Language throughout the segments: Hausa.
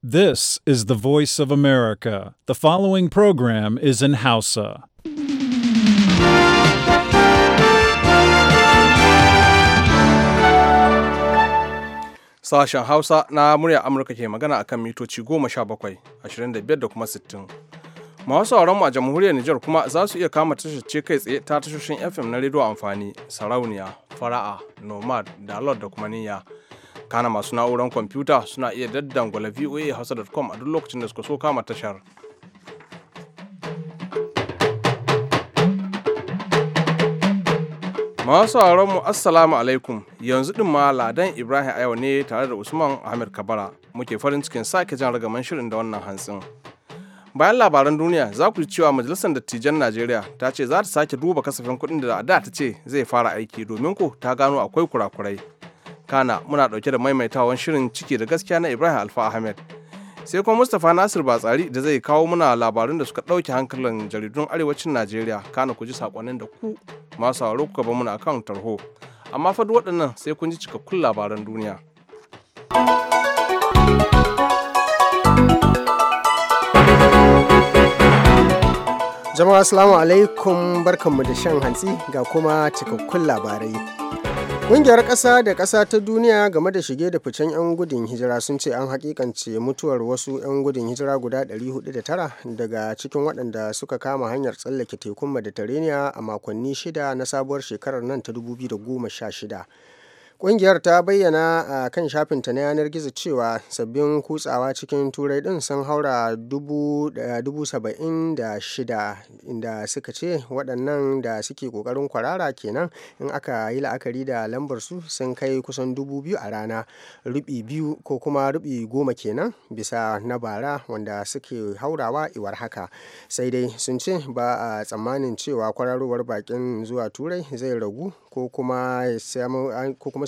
This is the voice of America. The following program is in Hausa. Sashen Hausa na murya Amurka ke magana a kan mitoci goma sha bakwai, ashirin da biyar da kuma 60. Masu mu a jamhuriyar Nijar kuma za su iya kama tashar kai tsaye ta tashoshin FM na rediyo amfani, sarauniya, fara'a, nomad, da da kuma niyya. kana masu na'urar kwamfuta suna iya daddangwala voa hausa.com a duk lokacin da suka so kama tashar masu mu assalamu alaikum yanzu din ma ladan ibrahim ayo ne tare da usman ahmed kabara muke farin cikin sake jan ragaman shirin da wannan hantsin bayan labaran duniya za ku ji cewa majalisar dattijan najeriya ta ce za ta sake duba kasafin kuɗin da da ta ce zai fara aiki domin ko ta gano akwai kurakurai kana muna ɗauke da maimaitawan shirin ciki da gaskiya na ibrahim alfa ahmed sai kuma mustapha nasir batsari da zai kawo muna labarun da suka ɗauke hankalin jaridun arewacin najeriya kana ku ji sakonnin da ku masu sauraro kuka ba muna akan tarho amma fa waɗannan sai kun ji cikakkun labaran duniya jama'a assalamu alaikum barkanmu da shan hantsi ga kuma cikakkun labarai Ƙungiyar ƙasa da ƙasa ta duniya game da shige da ficen 'yan gudun hijira sun ce an hakikance mutuwar wasu 'yan gudun hijira guda 409 daga cikin waɗanda suka kama hanyar tsallake tekun Mediterranean a makonni shida na sabuwar shekarar nan ta 2016. Ƙungiyar ta bayyana a kan shafinta na yanar gizo cewa sabbin kutsawa cikin Turai din sun haura da saba'in shida inda suka ce waɗannan da suke ƙoƙarin kwarara kenan in aka yi la'akari da lambar su sun kai kusan 2,000 a rana rubi biyu ko kuma rubi goma kenan bisa na bara wanda suke haurawa iwar haka sai dai sun ce ba a tsammanin cewa kwararowar bakin zuwa turai zai ragu ko kuma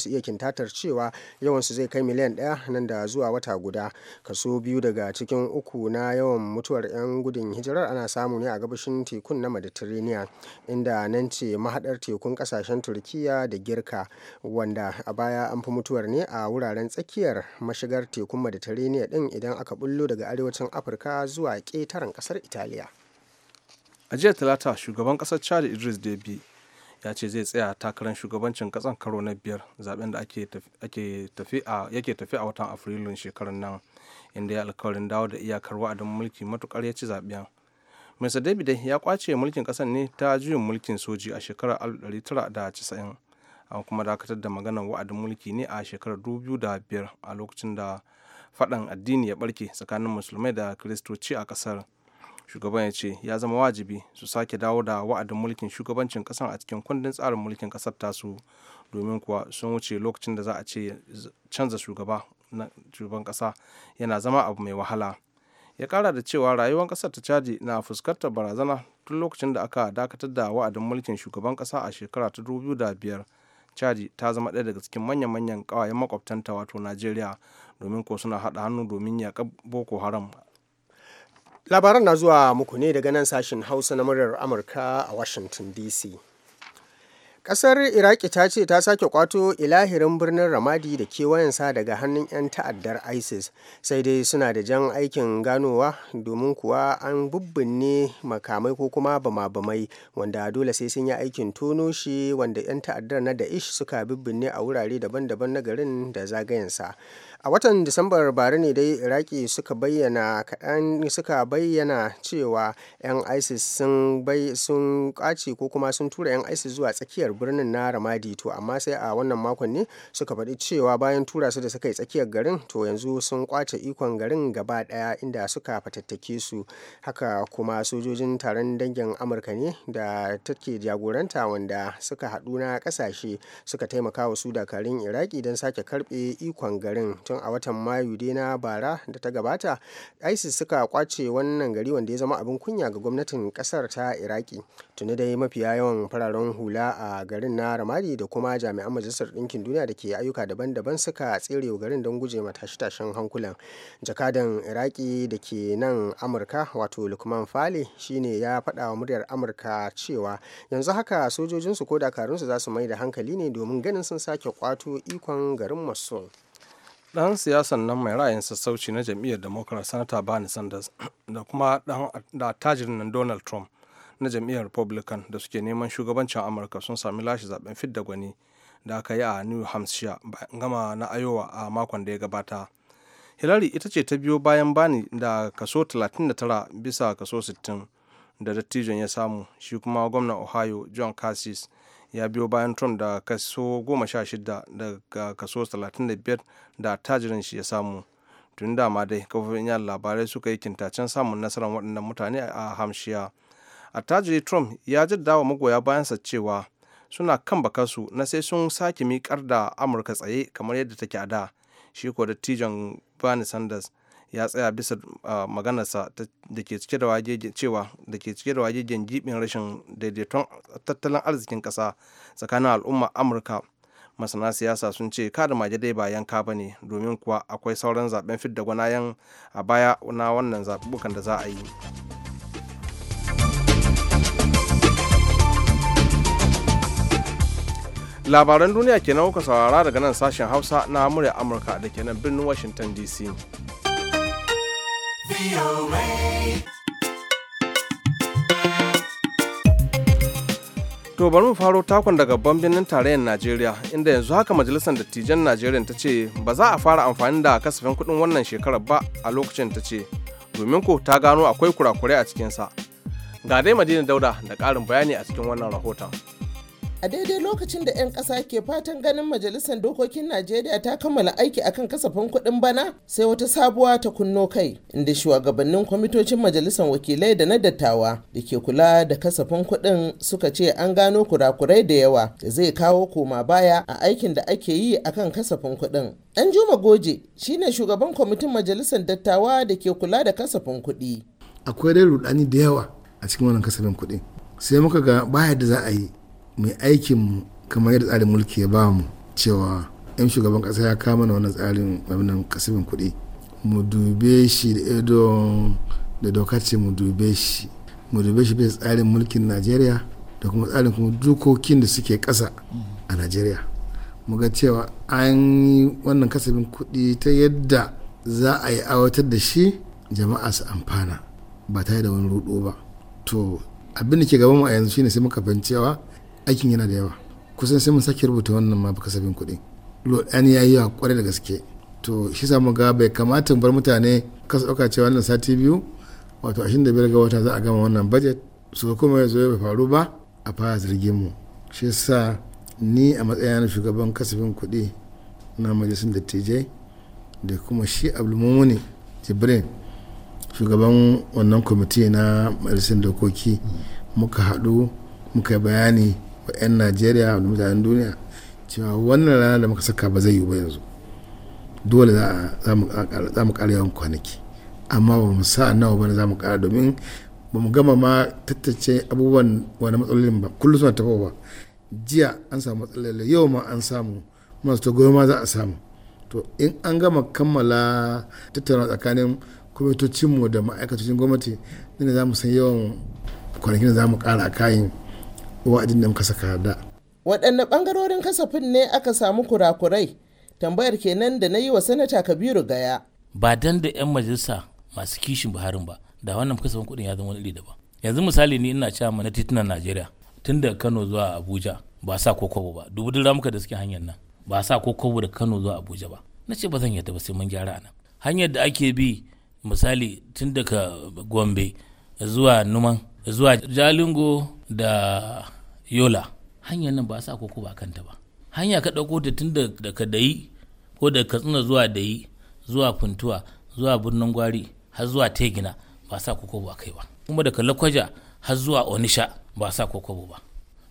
su iya kintatar cewa yawan su zai kai miliyan ɗaya nan da zuwa wata guda kaso biyu daga cikin uku na yawan mutuwar 'yan gudun hijirar ana samu ne a gabashin tekun na mediterranean inda nan ce mahaɗar tekun ƙasashen turkiya da girka wanda a baya an fi mutuwar ne a wuraren tsakiyar mashigar tekun mediterranean ɗin idan aka bullo daga arewacin afirka zuwa ƙetaren ƙasar italiya a jiya talata shugaban ƙasar chad idris debi ya ce zai tsaya takarar shugabancin kasan karo na biyar zaben da yake tafi a watan afrilun shekarar nan inda ya alkawarin dawo da iyakar wa'adin mulki matukar ya ci zaben mr david ya kwace mulkin kasan ne ta juyin mulkin soji a shekarar 1990 an kuma dakatar da maganar wa'adin mulki ne a shekarar 2005 a lokacin da faɗan addini ya barke tsakanin musulmai da kiristoci a ƙasar. shugaban ya ce ya zama wajibi su sake dawo da wa'adin mulkin shugabancin kasan a cikin kundin tsarin mulkin kasar tasu domin kuwa sun wuce lokacin da za a ce canza shugaba na shugaban kasa yana zama abu mai wahala ya kara da cewa rayuwar kasar ta caji na fuskantar barazana tun lokacin da aka dakatar da wa'adin mulkin shugaban kasa a shekara ta biyar caji ta zama ɗaya daga cikin manya-manyan ƙawayen makwabtanta wato najeriya domin ko suna haɗa hannu domin yaƙar boko haram labaran na zuwa muku ne daga nan sashen hausa na muryar amurka a washington dc Ƙasar Iraki ta ce ta sake kwato ilahirin birnin Ramadi da kewayensa daga hannun 'yan ta'addar ISIS sai dai suna da jan aikin ganowa domin kuwa an bubbinne makamai ko kuma bama-bamai wanda dole sai sun yi aikin tono shi wanda 'yan ta'addar na Da'ish suka bubbinne a wurare daban-daban na garin da zagayensa. a watan disambar bara ne dai iraki suka bayyana kaɗan suka bayyana cewa 'yan isis sun bai sun ƙwace ko kuma sun tura 'yan isis zuwa tsakiyar birnin na ramadi to amma sai a wannan makon ne suka faɗi cewa bayan tura su da suka yi tsakiyar garin to yanzu sun kwace ikon garin gaba ɗaya inda suka fatattake su haka kuma sojojin taron dangin amurka ne da take jagoranta wanda suka haɗu na ƙasashe suka taimaka wa su dakarun iraki don sake karɓe ikon garin tun a watan mayu dai na bara da ta gabata isis suka kwace wannan gari wanda ya zama abin kunya ga gwamnatin kasar ta iraki tuni dai mafiya yawan fararen hula a garin na ramadi da kuma jami'an majalisar ɗinkin duniya da ke ayyuka daban-daban suka tsere garin don guje ma tashe-tashen hankulan jakadan iraki da ke nan amurka wato lukman fale shine ya faɗa wa muryar amurka cewa yanzu haka sojojinsu ko dakarunsu za su mai da hankali ne domin ganin sun sake kwato ikon garin mosul ɗan siyasan nan mai ra'ayin sassauci na jam'iyyar democrat sanata bani sanders da kuma da attajirin nan donald trump na jam'iyyar republican da suke neman shugabancin amurka sun sami lashe zaben fidda gwani da aka yi a new hampshire bayan gama na iowa a makon da ya gabata hillary ita ce ta biyo bayan bani da kaso 39 bisa kaso 60 da dattijon ya samu shi kuma gwamnan ohio john cassis ya biyo bayan trump da kaso 16 daga kaso 35 da tajirin shi ya samu tun dama dai kafofin yan labarai suka yi kintacen samun nasarar waɗannan mutane a hamshiya attajiri trump ya jaddawa magoya bayansa cewa suna kan bakansu na sai sun sake miƙar da amurka tsaye kamar yadda take a da shi ko dattijon bernie sanders ya tsaya bisa maganarsa da ke cike da cewa da ke cike da wajejen jibin rashin daidaiton tattalin arzikin kasa tsakanin al'umma amurka masana siyasa sun ce kada maje dai ba yanka ba ne domin kuwa akwai sauran zaben fidda gwanayen a baya na wannan zaɓuɓɓukan da za a yi labaran duniya kenan kuka saurara daga nan sashen hausa na murya amurka da kenan birnin washington dc To bari mu faro takon daga babban birnin tarayyar Najeriya inda yanzu haka majalisar dattijan Najeriya ta ce ba za a fara amfani da kasafin kuɗin wannan shekarar ba a lokacin ta ce domin ko ta gano akwai kurakurai a cikinsa. Ga dai Madina Dauda da ƙarin bayani a cikin wannan rahoton. a daidai lokacin da 'yan ƙasa ke fatan ganin majalisar dokokin najeriya ta kammala aiki akan kasafin kuɗin bana sai wata sabuwa ta kunno kai inda shugabannin kwamitocin majalisar wakilai da na dattawa da ke kula da kasafin kuɗin suka ce an gano kurakurai da yawa da zai kawo koma baya a aikin da ake yi akan kasafin kuɗin dan juma goje shine shugaban kwamitin majalisar dattawa da ke kula da kasafin kuɗi akwai dai rudani da yawa a cikin wannan kasafin kuɗin sai muka ga baya da za a yi mai aikin kamar yadda tsarin mulki ya ba mu cewa yan shugaban kasa ya kama na wannan tsarin wannan kasafin kuɗi mu dube shi da ido da doka ce mu dube shi mu dube shi bisa tsarin mulkin najeriya da kuma tsarin kuma dukokin da suke ƙasa a najeriya mu ga cewa an yi wannan kasafin kuɗi ta yadda za a yi awatar da shi jama'a su amfana ba tare da wani ruɗo ba to abin da ke gaban mu a yanzu shine sai muka fahimci cewa aikin yana da yawa kusan sai mun sake rubuta wannan ma kasafin kuɗi lodani ya yi yawa kwarai da gaske to shi samu ga bai kamata bar mutane kasa ɗauka cewa wannan sati biyu wato ashirin da biyar ga wata za a gama wannan bajet. su kuma ya bai faru ba a fara zirgin mu shi sa ni a matsayin shugaban kasafin kuɗi na majalisun dattijai da kuma shi abdulmumuni jibrin shugaban wannan kwamiti na majalisun dokoki muka haɗu muka bayani 'yan najeriya da mutanen duniya cewa wannan rana da muka saka ba zai yi ba yanzu dole za mu kara yawan kwanaki amma ba mu sa nawa ba za mu kara domin ba mu gama ma tattace abubuwan wani matsalolin ba kullum suna tafa ba jiya an samu matsalolin yau ma an samu masu ta ma za a samu to in an gama kammala tattauna tsakanin kwamitocinmu da ma'aikatocin gwamnati ne za mu san yawan kwanakin da za mu a kayan wa'adin da muka saka da waɗanne ɓangarorin kasafin ne aka samu kurakurai tambayar kenan da na yi wa sanata kabiru gaya ba dan da 'yan majalisa masu kishin buharin ba da wannan kasafin kuɗin ya zama wani iri daban yanzu misali ni ina cewa mana titunan najeriya tun daga kano zuwa abuja ba sa ko kwabo ba dubu dun ramuka da suke hanyar nan ba sa ko kwabo da kano zuwa abuja ba na ce ba zan yadda ba sai mun gyara nan hanyar da ake bi misali tun daga gombe zuwa numan zuwa jalingo da yola hanyar nan ba sa koko ba kanta ba hanya ka ɗauko ta tun da ka dayi ko da katsina zuwa dayi zuwa funtuwa zuwa birnin gwari har zuwa tegina ba sa koko ba kai ba kuma daga lakwaja har zuwa onisha ba sa koko ba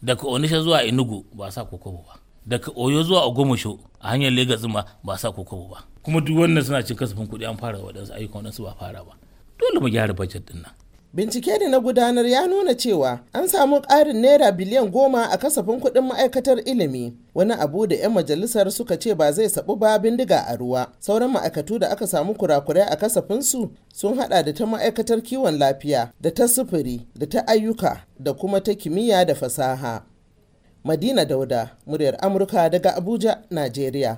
daga onisha zuwa enugu ba sa koko ba daga oyo zuwa ogomosho a hanyar legas ma ba sa koko ba kuma duk wannan suna cin kasafin kuɗi an fara waɗansu ayyukan waɗansu ba fara ba dole mu gyara bajet ɗin nan Bincike da na gudanar ya nuna cewa an samu ƙarin naira biliyan goma a kasafin kuɗin ma'aikatar ilimi wani abu da 'yan majalisar suka ce ba zai sabu ba bindiga a ruwa sauran ma'aikatu da aka samu kurakurai a kasafinsu sun hada da ta ma'aikatar kiwon lafiya da ta sufuri da ta ayyuka da kuma ta kimiyya da fasaha madina dauda muryar amurka daga abuja najeriya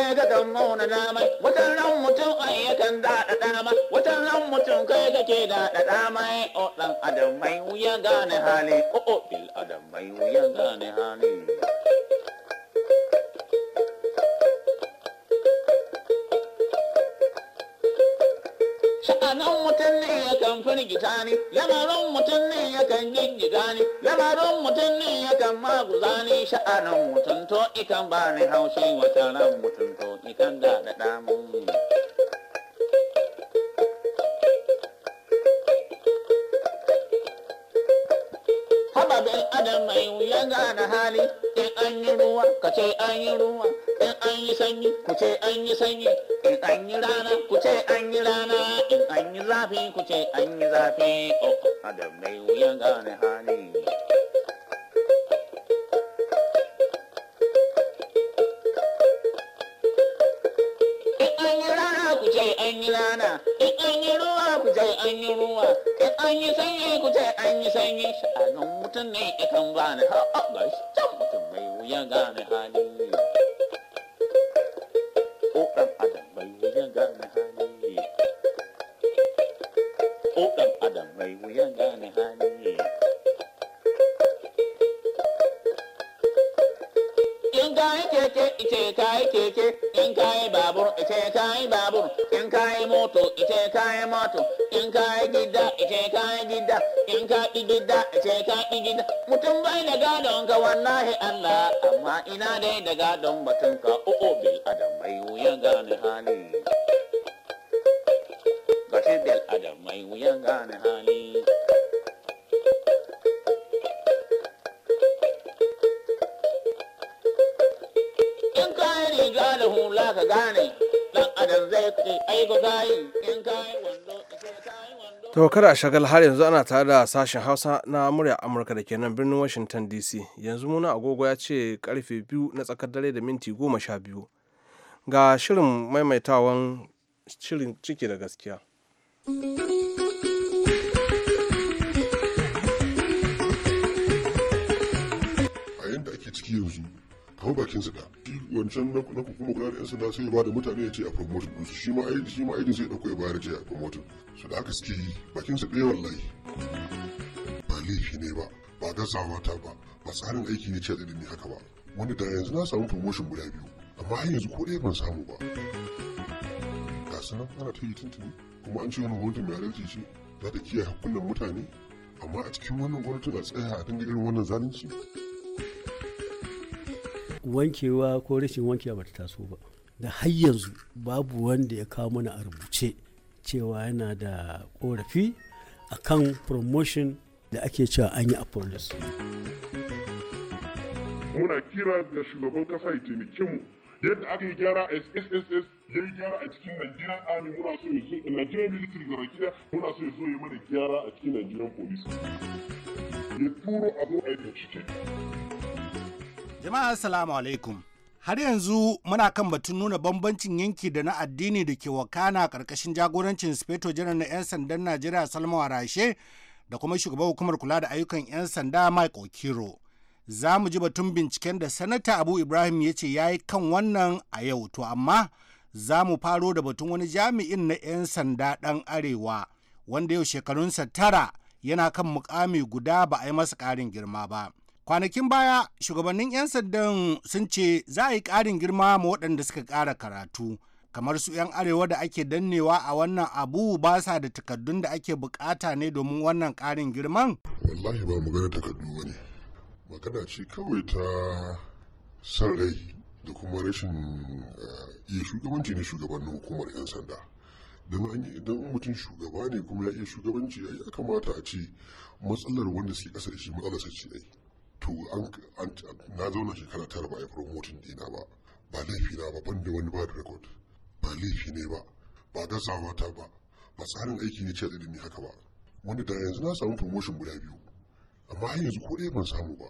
kai ga kan nuna dama watan ran mutum ai yakan daɗa dama watan ran mutum kai ga ke daɗa dama o dan adam mai wuya gane hali o o bil adam mai wuya gane hali firgita ni lamarin mutum ne yakan giga ne lamarin mutum ne yakan maguza ni sha'anan mutum to ikan ba ni haushi wata ran mutum to ikan da da damu. haba adam mai wuyan gane hali in an yi ruwa ka ce an yi ruwa in an yi sanyi ku ce an yi sanyi in an yi rana ku ce an yi rana in an yi zafi ku ce an yi zafi oh, oh adam mai wuyan gane hali an yi rana in an yi ruwa ku ce an yi ruwa in an yi sanyi ku ce an yi sanyi sha'anin mutum ne ikan bani ha'a ga shi can mutum mai wuyan gane hali kayi keke ice kayi keke in kayi babur ice kayi babur in kayi moto ice kayi moto in kayi gida ice kayi gida in kayi gida ice kayi gida mutum bai da gadon ka wallahi Allah amma ina dai da gadon batun ka o'o bil adam mai wuyan gane hali gashi bil adam mai wuyan gane hali riga hula ka gane dan adam zai ce ai in wando To kada a shagal har yanzu ana tare da sashen Hausa na murya Amurka da ke nan birnin Washington DC. Yanzu muna agogo ya ce karfe biyu na tsakar dare da minti goma sha biyu. Ga shirin maimaitawan shirin ciki da gaskiya. A yadda ake ciki yanzu hau bakin su da wancan na kuma kula da yan sanda sai ya bada mutane ya ce a promotion ɗinsu shi ma aiki shi ma aiki sai ya ɗauko ya bayar ce a promotion su da aka suke yi bakin su ɗaya wallahi ba laifi ne ba ba gazawa ta ba ba tsarin aiki ne ce da ni haka ba wani da yanzu na samu promotion guda biyu amma har yanzu ko ɗaya ban samu ba ga su nan ana ta yi tuntuni kuma an ce wani hoton mai adalci ce za ta kiyaye hakkunan mutane amma a cikin wannan gwamnatin a tsaya a dangin irin wannan zalunci wankewa ko rashin wankewa bata taso ba da har yanzu babu wanda ya kawo mana a rubuce cewa yana da korafi a kan promotion da ake cewa an yi a police muna kira da shugaban kasa ya taimake mu yadda aka yi gyara a sss ya yi gyara a cikin nigerian army muna so ya zo nigerian military gara gida muna so ya zo ya mana gyara a cikin nigerian police ya turo abu a yi bincike Jama'a Assalamu alaikum. Har yanzu muna kan batun nuna bambancin yanki da na addini da ke wakana karkashin jagorancin Speto Janar na 'yan sandan Najeriya Salma Warashe da kuma shugaban hukumar kula da ayyukan 'yan sanda Mike Okiro. Za mu ji batun binciken da Sanata Abu Ibrahim ya ce ya yi kan wannan a yau, to amma za mu faro da batun wani jami'in na 'yan sanda ɗan Arewa wanda yau shekarunsa tara yana kan mukami guda ba a yi masa ƙarin girma ba. Kwanakin baya, shugabannin 'yan sandan sun ce za a yi ƙarin girma ma waɗanda suka ƙara karatu. kamar su 'yan arewa da ake dannewa a wannan abu ba sa da takaddun da ake bukata ne domin wannan karin girman? wallahi ba mu gane takardu ba ne magana ce kawai ta san rai da kuma rashin eh, iya shugabanci ne shugabannin hukumar 'yan sanda don idan mutum shugaba ne kuma ya iya shugabanci ya kamata a ce matsalar wanda suke kasa da shi matsalar ce ai to an na zauna shekara tara ba a yi promotin dina ba ba laifi na ba banda wani ba da record ba laifi ne ba ba gazawa ta ba ba tsarin aiki ne ce da ni haka ba wanda da yanzu na samu promotion guda biyu amma har yanzu ko ɗaya ban samu ba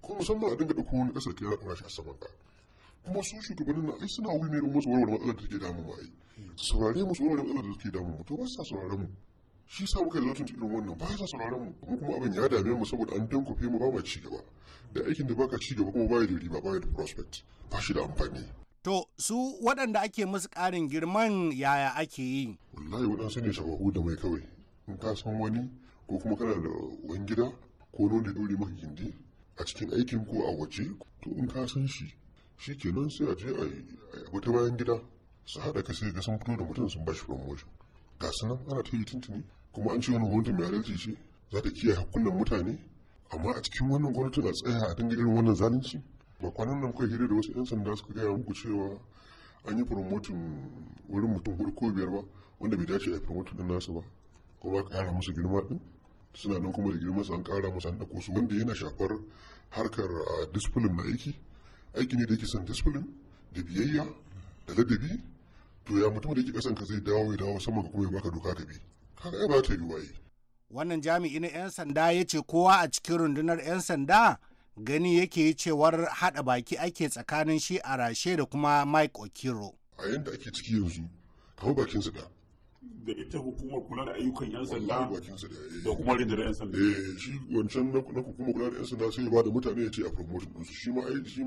kuma musamman a dinga ɗauko wani ƙasar kira ɗora shi a saman ka kuma su shugabannin ai suna wuri ne don musu warware matsalar da take damu ba. ai saurare musu warware matsalar da take damu mu to ba sa saurare mu shi sa muka tun cikin wannan ba sa sauraron mu kuma abin ya dame mu saboda an dankofe mu ba ma ci gaba da aikin da baka ci gaba kuma baya da riba ya da prospect ba shi da amfani to su waɗanda ake musu ƙarin girman yaya ake yi wallahi waɗansu ne shababu da mai kawai in ka san wani ko kuma kana da wan gida ko nuna dole maka gindi a cikin aikin ko a waje to in ka san shi shi ke nan sai a je a wata bayan gida su haɗa ka sai ga sun fito da mutum sun ba shi promotion ga nan ana ta yi tuntuni kuma an ce wani gwamnati mai adalci ce za ta kiyaye hakkunan mutane amma a cikin wannan gwamnati na tsaya a dinga irin wannan zalunci ba kwanan nan kai hira da wasu 'yan sanda suka gaya muku cewa an yi promotin wurin mutum hudu ko biyar ba wanda bai dace a yi promotin din nasu ba kuma aka kara musu girma din suna nan kuma da girma su an kara musu an dako su wanda yana shafar harkar ah, discipline na aiki aiki ne da yake son discipline da biyayya da ladabi to ya mutum da yake kasan ka zai dawo ya dawo ka kuma ya baka doka ka bi kaga ya bata ta waye wannan jami'i na 'yan sanda ya ce kowa a cikin rundunar 'yan sanda gani yake yi cewar hada baki ake tsakanin shi a rashe da kuma mike okiro a yadda ake ciki yanzu kawo bakin su da da ita hukumar kula da ayyukan 'yan sanda eh. da kuma rundunar 'yan sanda eh shi wancan na hukumar kula da 'yan sanda sai ya ba da mutane ya ce a promotion ɗinsu shi ma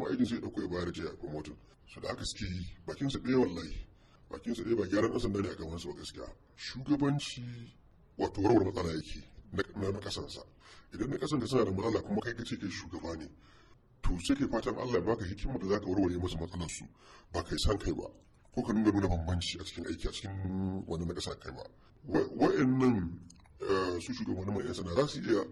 aidin sai ya ɗauko ya bayar a promotion su da aka suke yi bakin su ɗaya wallahi bakin su dai ba gyaran kasan sanda ne a ba gaskiya shugabanci wato warware matsala yake na na sa idan na kasan da suna da matsala kuma kai kace kai shugaba ne to sai kai fatan Allah ya baka hikima da zaka warware musu matsalar su ba kai san kai ba ko ka nuna nuna bambanci a cikin aiki a cikin wani na kasa kai ba wa'annan eh, su shugabanni mai sanda za su iya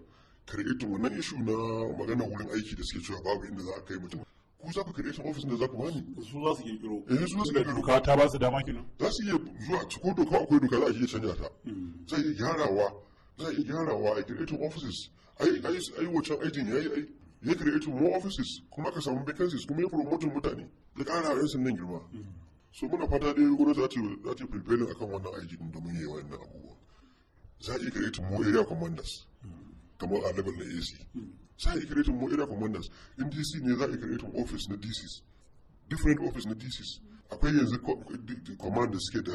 karɓi wannan ishu na magana wurin aiki da suke cewa babu inda za a kai mutum ku za ku kire shi ofisin da za ku bani su za su kiro. eh su za su kirkiro doka ta ba su dama kenan za su iya zuwa ko doka akwai doka za a iya canja ta hmm. zai iya gyarawa zai iya gyarawa a creating offices ai ai ai wancan aikin yayi ai ya create more offices kuma ka samu vacancies kuma ya promote mutane ya kara yan nan girma so muna fata dai gwamnati za ta za ta prevailing akan wannan aikin da mun yi wannan abubuwa za a iya create more area commanders hmm. kamar a level na ac sai a creating more area commanders in dc ne za a creating office na dc different office na dc akwai yanzu commanders suke da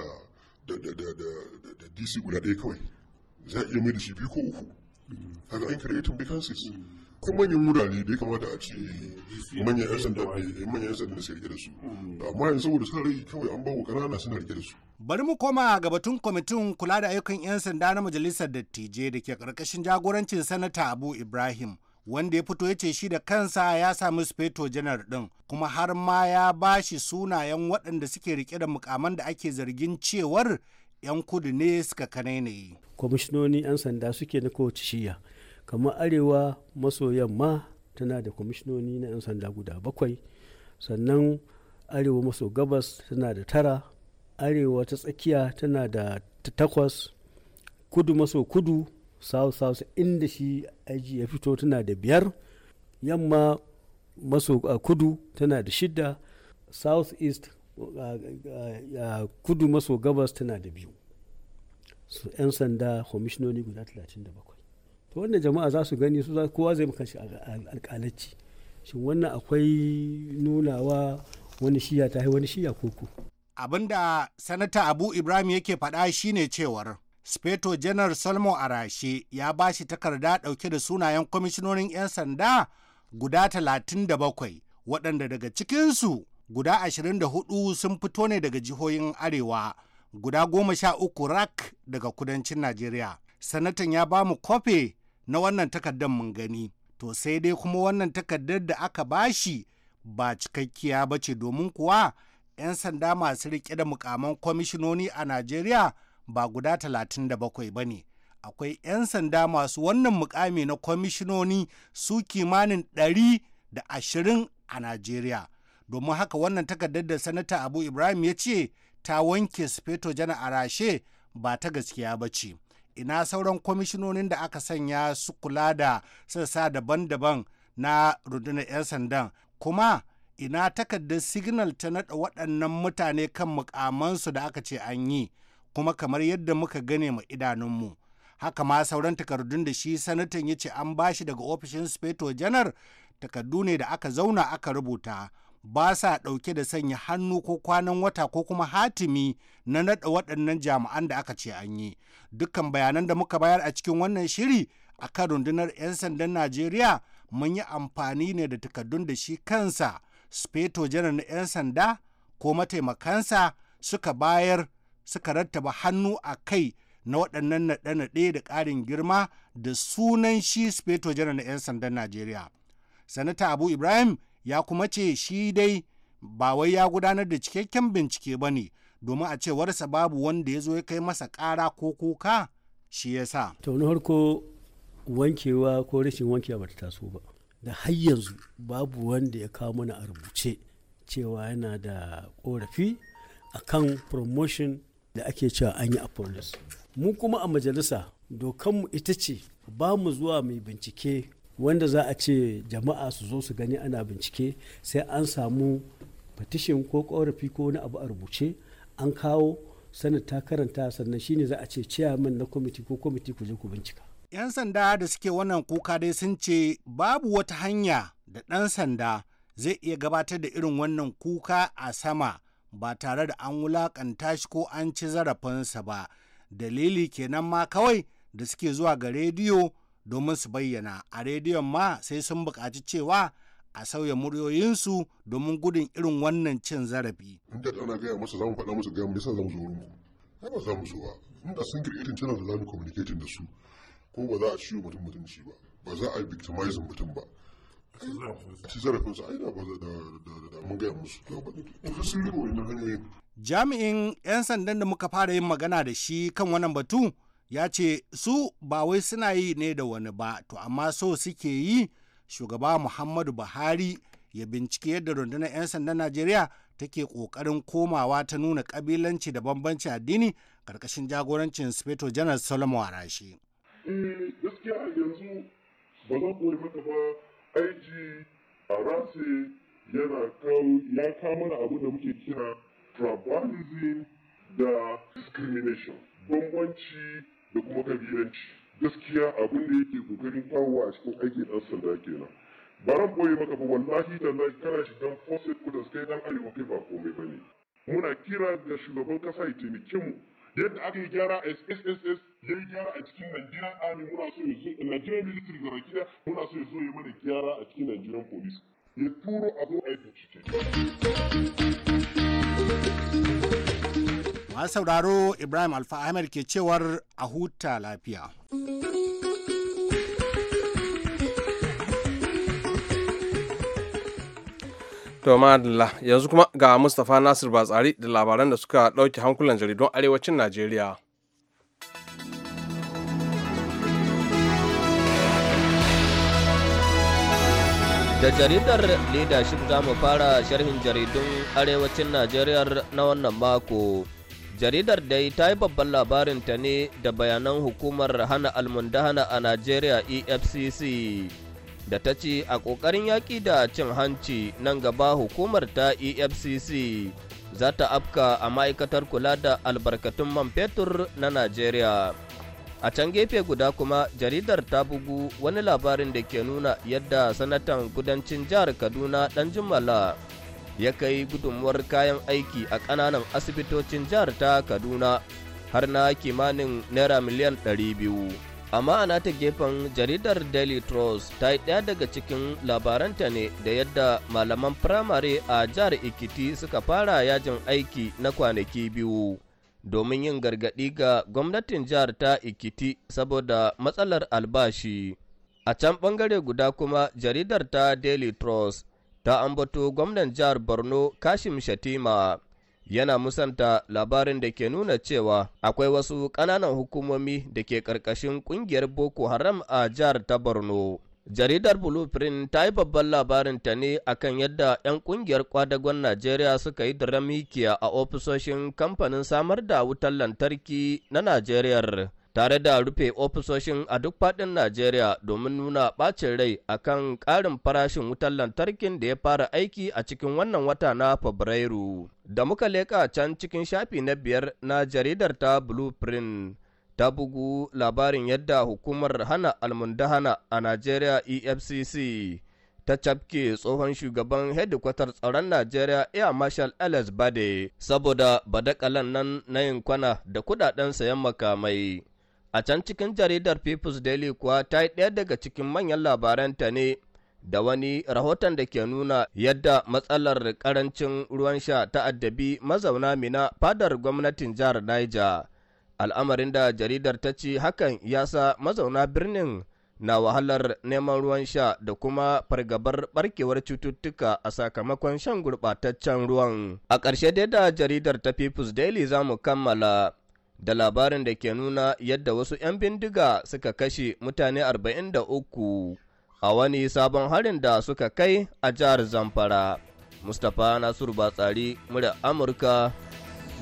da dc guda ɗaya kawai za a iya mai da shi biyu ko uku haka an creating vacancies akwai manyan wurare da ya kamata a ce manyan 'yan sanda eh, da suke rike da su amma yanzu saboda suna rage kawai an ba wa ƙanana suna rike da su Bari mu koma ga batun kwamitin kula da ayyukan 'yan sanda na majalisar dattijai da ke ƙarƙashin jagorancin sanata Abu Ibrahim. Wanda ya fito ya ce shi da kansa ya sami speto janar din kuma har ma ya ba shi sunayen waɗanda suke rike da mukaman da ake zargin cewar 'yan kudu ne suka kanainayi. Kwamishinoni 'yan sanda suke na kowace shiya, kamar arewa maso yamma tana da kwamishinoni na 'yan sanda guda bakwai, sannan arewa maso gabas tana da tara arewa ta tsakiya tana da takwas kudu maso kudu south south inda shi aji ya fito tana da biyar yamma maso kudu tana da shida south east kudu maso gabas tana da biyu su 'yan sanda kwamishinoni guda 37 to wannan jama'a za su gani su kowa zai maka shi shin wannan akwai nunawa wani shiya ta wani shiya koko abinda sanata abu ibrahim yake faɗa shine cewar speto janar salmo arashe ya ba shi takarda ɗauke da sunayen kwamishinonin 'yan sanda guda 37 waɗanda daga cikinsu guda 24 sun fito ne daga jihohin arewa guda 13 rak daga kudancin najeriya sanatan ya ba mu kofe na wannan takardar mun gani to sai dai kuma wannan takardar da aka ba shi ba cikakkiya ba ce domin kuwa 'yan sanda masu riƙe da mukaman kwamishinoni a Najeriya ba guda 37 ba ne. Akwai 'yan sanda masu wannan mukami na kwamishinoni su kimanin 120 a Najeriya. Domin haka wannan takardar da Sanata Abu Ibrahim ya ce ta wanke Sufeto Jana a rashe ba ta gaskiya ba ce. Ina sauran kwamishinonin da aka sanya su kula da sassa daban-daban na rundunar 'yan sandan kuma ina takardar signal ta naɗa waɗannan mutane kan mukamansu da aka ce an yi kuma kamar yadda muka gane ma idanunmu haka ma sauran takardun da shi sanatan ya ce an ba shi daga ofishin speto janar takardu ne da aka zauna aka rubuta ba sa ɗauke da sanya hannu ko kwanan wata ko kuma hatimi na naɗa waɗannan jami'an da aka ce an yi dukkan bayanan da muka bayar a cikin wannan shiri a kan rundunar 'yan sandan najeriya mun yi amfani ne da takardun da shi kansa speto janar na 'yan sanda ko mataimakansa suka bayar suka rattaba hannu a kai na waɗannan naɗe-naɗe da ƙarin girma da sunan shi speto janar na 'yan sandan najeriya sanata abu ibrahim ya kuma ce shi dai ba wai ya gudanar da cikakken bincike ba ne domin a ce cewarsa babu wanda ya zo ya kai masa ƙara ko kuka shi ya sa. to na wankewa ko rashin wankewa ba ta taso ba da har yanzu babu wanda ya kawo mana a rubuce cewa yana da korafi kan promotion da ake cewa an yi a police mu kuma a majalisa dokanmu ita ce ba mu zuwa mai bincike wanda za a ce jama'a su zo su gani ana bincike sai an samu fatishin ko korafi ko wani abu a rubuce an kawo sanata karanta sannan shine za a ce ciyaman na kwamiti ko kwamiti ku je ku bincika 'yan sanda da suke wannan kuka dai sun ce babu wata hanya da ɗan sanda zai iya gabatar da irin wannan kuka a sama ba tare da an wulaƙanta shi ko an ci zarafinsa ba dalili kenan ma kawai da suke zuwa ga rediyo domin su bayyana a rediyon ma sai sun buƙaci cewa a sauya muryoyinsu domin gudun irin wannan cin zarafi. Inda ana gaya masa zamu faɗa musu gaya mu yasa za mu zo wurin mu. Ai ba za mu zo ba. Inda sun kirkitin channel da za mu communicating da su. ko ba za a ciwo mutum mutunci ba ba za a yi victimizing mutum ba shi zarafin su aina ba da mun gaya musu da ba to sun yi na hanyoyin jami'in yan sandan da muka fara yin magana da shi kan wannan batu ya ce su ba wai suna yi ne da wani ba to amma so suke yi shugaba muhammadu buhari ya bincike yadda rundunar 'yan sandan najeriya take kokarin komawa ta nuna kabilanci da bambanci addini karkashin jagorancin speto janar solomon arashi eh gaskiya yanzu ba zan koyi maka ba aiki a rasi yana kawo ya kama mana abin da muke kira tribalism da discrimination bambanci da kuma kabilanci gaskiya abin da yake kokarin kawo a cikin aikin ɗan sanda kenan baran boye maka ba wallahi tallahi kana shigan faucet ku da kai dan arewa kai ba komai bane muna kira da shugaban kasa ya taimake mu yadda aka yi gyara a SSS ya yi gyara a cikin Nigerian Army muna so ya zo Nigerian Military muna so ya zo ya mana gyara a cikin Nigerian Police ya turo a zo a yi bincike. Masu sauraro Ibrahim Alfa Ahmed ke cewar a huta lafiya. To madalla yanzu kuma ga Mustapha Nasir Batsari da labaran da suka ɗauke hankulan jaridun arewacin Najeriya. Da jaridar leadership za mu fara sharhin jaridun arewacin Najeriya na wannan mako. Jaridar dai ta yi babban labarin ta ne da bayanan hukumar hana almundahana a Najeriya EFCC. da ta ce a ƙoƙarin yaƙi da cin hanci nan gaba hukumar ta efcc za ta afka a ma'aikatar kula da albarkatun man fetur na najeriya a can gefe guda kuma jaridar ta bugu wani labarin da ke nuna yadda sanatan kudancin jihar kaduna dan jimala ya kai gudunmuwar kayan aiki a ƙananan asibitocin jihar ta kaduna har na kimanin naira miliyan 200 amma ana ta gefen jaridar daily trust ta yi ɗaya daga cikin labaranta ne da yadda malaman firamare a jihar ikiti suka fara yajin aiki na kwanaki biyu domin yin gargaɗi ga gwamnatin jihar ta ikiti saboda matsalar albashi a can ɓangare guda kuma jaridar ta daily trust ta ambato gwamnan jihar borno kashim shatima yana musanta labarin da ke nuna cewa akwai wasu ƙananan hukumomi da ke ƙarƙashin ƙungiyar Boko Haram a jihar ta Borno. Jaridar Blueprint ta yi babban labarin ta ne akan yadda 'yan ƙungiyar kwadagon Najeriya suka yi diramikiya a ofisoshin kamfanin samar da wutar lantarki na Najeriya. tare da rufe ofisoshin a duk faɗin Najeriya domin nuna ɓacin rai akan ƙarin farashin wutar lantarkin da ya fara aiki a cikin wannan wata na Fabrairu. Da muka leƙa can cikin shafi na biyar na jaridar ta Blueprint ta bugu labarin yadda hukumar hana almundahana a Najeriya EFCC ta cafke tsohon shugaban hedikwatar tsaron Najeriya Air Marshal Ellis Bade saboda badakalan nan na yin kwana da kudaden sayan makamai. A can cikin jaridar People's Daily kuwa ta yi ɗaya daga cikin manyan labaranta ne da wani rahoton da ke nuna yadda matsalar karancin ruwan sha ta addabi mazauna mina fadar gwamnatin jihar Niger. Al'amarin da jaridar ta ce hakan ya sa mazauna birnin na wahalar neman ruwan sha da kuma fargabar barkewar cututtuka a sakamakon shan gurɓataccen ruwan. A ƙarshe dai da jaridar ta People's Daily za mu kammala da labarin da ke nuna yadda wasu 'yan bindiga suka kashe mutane 43 a wani sabon harin da suka kai a jihar Zamfara. Mustapha Nasiru Batsari, murya Amurka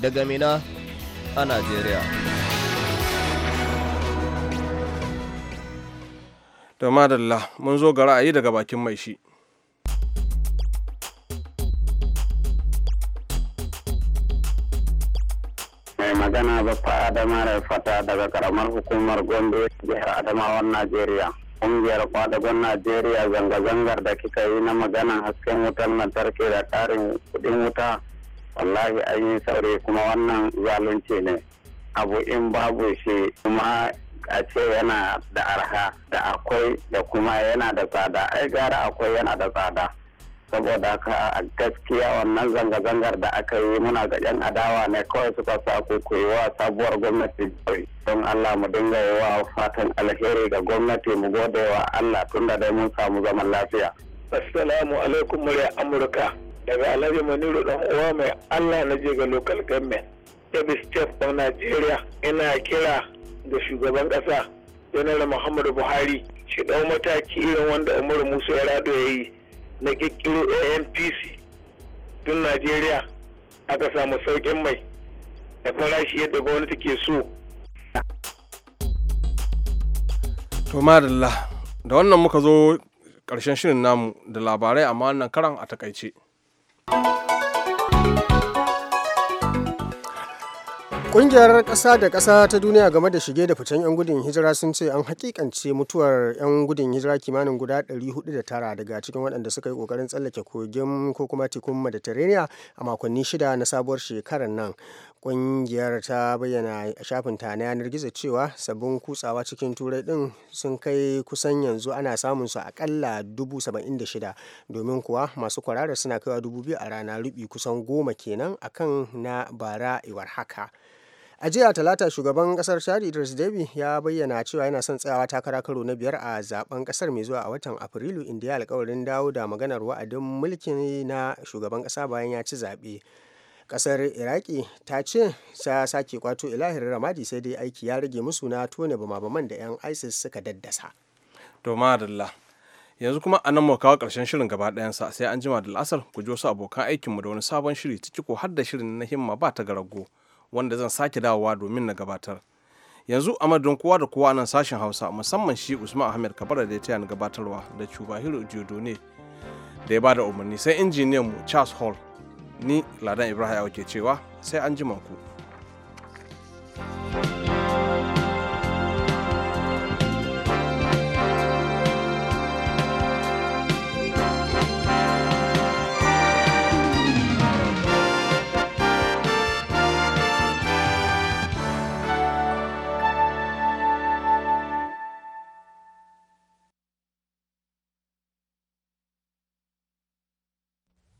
daga Mina a Najeriya. Da madalla mun zo ga ra'ayi daga bakin mai shi. magana adama da fata daga karamar hukumar gombe jihar adamawan najeriya kungiyar kwadagon najeriya zanga-zangar da kika yi na maganan hasken wutar lantarki da karin kudin wuta wallahi an yi saurayi kuma wannan zalunci ne abu in babu shi kuma a ce yana da arha da akwai da kuma yana da tsada ai gara akwai yana da tsada saboda haka a gaskiya wannan zanga-zangar da aka yi muna ga yan adawa ne kawai suka sa ku wa sabuwar gwamnati don Allah mu dinga yi wa fatan alheri ga gwamnati mu gode wa Allah da dai mun samu zaman lafiya. Assalamu alaikum murya Amurka daga Alhaji Maniru dan uwa mai Allah na je ga local government Kebbi State of Nigeria ina kira da shugaban ƙasa, Janar Muhammadu Buhari shi dau mataki irin wanda Umaru Musa ya rado ya yi na kikkiro ANPC tun Najeriya aka samu saukin mai da farashi yadda gwamnati ke so. To madalla da wannan muka zo ƙarshen shirin namu da labarai amma wannan karan a takaice. Ƙungiyar ƙasa da ƙasa ta duniya game da shige da ficen 'yan gudun hijira sun ce an hakikance mutuwar 'yan gudun hijira kimanin guda 409 daga cikin waɗanda suka yi ƙoƙarin tsallake kogin ko kuma tekun Mediterranean a makonni shida na sabuwar shekarar nan. Ƙungiyar ta bayyana a shafinta na yanar gizo cewa sabbin kutsawa cikin turai ɗin sun kai kusan yanzu ana samun su aƙalla shida domin kuwa masu kwarara suna kaiwa biyu a rana rubi kusan goma kenan akan na bara iwar haka. a jiya talata shugaban kasar chad idris deby ya bayyana cewa yana son tsayawa takara karo na biyar a zaben kasar mai zuwa a watan afrilu inda ya alkawarin dawo da maganar wa'adin mulkin na shugaban kasa bayan ya ci zaɓe kasar iraki ta ce ta sake kwato ilahir ramadi sai dai aiki ya rage musu na tone bama-baman da 'yan isis suka daddasa to madalla yanzu kuma a nan mu kawo karshen shirin gaba sa sai an jima da la'asar ku ji wasu abokan aikinmu da wani sabon shiri ciki ko har da shirin na himma ba ta garago. wanda zan sake dawowa domin na gabatar yanzu a madadin kowa da kowa nan sashen hausa musamman shi usman ahmed kabara da ya taya ni gabatarwa da cuba hiro ne da ya bada umarni sai injiniyan mu charles hall ni ladan ibrahim ke cewa sai an ku.